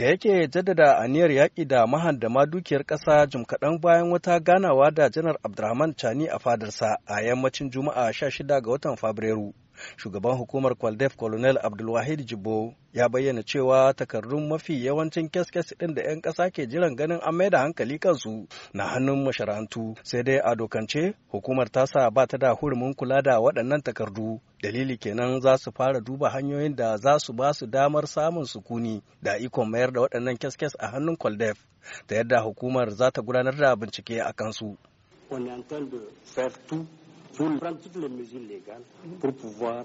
da yake jaddada aniyar yaƙi da mahandama dukiyar ƙasa jim kaɗan bayan wata ganawa da janar abdurrahman chani a fadarsa a yammacin juma'a 16 ga watan fabrairu shugaban hukumar kwaldef colonel abdulwahid jibo ya bayyana cewa takardun mafi yawancin kyaskyas ɗin da 'yan ƙasa ke jiran ganin an mai da hankali kansu na hannun masharantu sai dai a dokance hukumar ta sa ba ta da hurumin kula da waɗannan takardu dalili kenan za su fara duba hanyoyin da za su ba su damar samun sukuni da ikon mayar da waɗannan kyaskyas a hannun kwaldef ta yadda hukumar za ta gudanar da bincike a kansu. pour prendre toutes les mesures légales pour pouvoir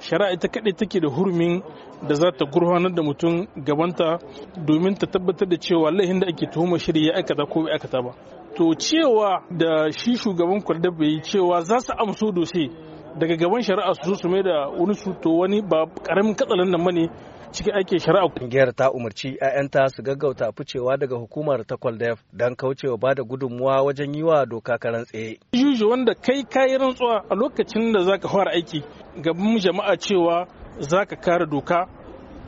shari'a ita kaɗai take da hurumin da za ta gurfanar da mutum gabanta domin ta tabbatar da cewa laihin da ake tuhuma shirya ya aikata ko bai aikata ba to cewa da shi shugaban kwalda bai yi cewa za su amso dose daga gaban shari'a su su mai da wani su to wani ba karamin katsalan nan bane cikin aikin shari'a kungiyar ta umarci 'ya'yanta su gaggauta ficewa daga hukumar ta kwaldef don kaucewa ba da gudunmuwa wajen yi wa doka karan tsaye juji wanda kai kayi rantsuwa a lokacin da zaka fara aiki gaban jama'a cewa zaka kare doka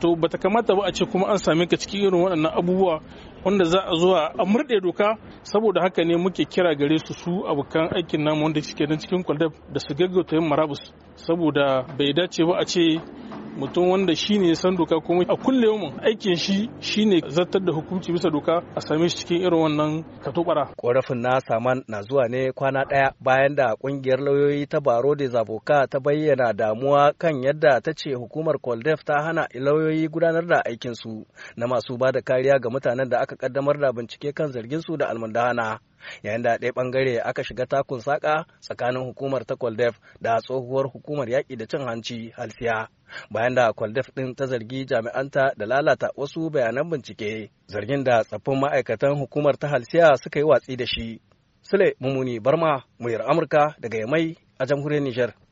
to bata kamata ba a ce kuma an same ka cikin irin waɗannan abubuwa wanda za a zuwa a murɗe doka saboda haka ne muke kira gare su su abokan aikin namu wanda suke nan cikin kwaldab da su gaggauta yin marabus saboda bai dace ba a ce mutum wanda shi ne san doka kuma a kulle kullum aikin shi ne zartar da hukunci bisa doka a same shi cikin irin wannan katubara Korafin na saman na zuwa ne kwana ɗaya bayan da ƙungiyar lauyoyi ta Baro da Zaboka ta bayyana damuwa kan yadda ta ce hukumar Koldef ta hana lauyoyi gudanar da aikinsu na masu ba da kariya ga mutanen da aka kaddamar da bincike kan zargin su da almundahana. yayin da ɗaya ɓangare aka shiga takun saƙa tsakanin hukumar ta Koldef da tsohuwar hukumar yaƙi da cin hanci halsiya bayan da kwaldef ɗin ta zargi jami'anta da lalata wasu bayanan bincike zargin da tsaffin ma'aikatan hukumar ta halsiya suka yi watsi da shi sule mummuni barma muyar amurka daga yamai a jamhuriyar Nijar.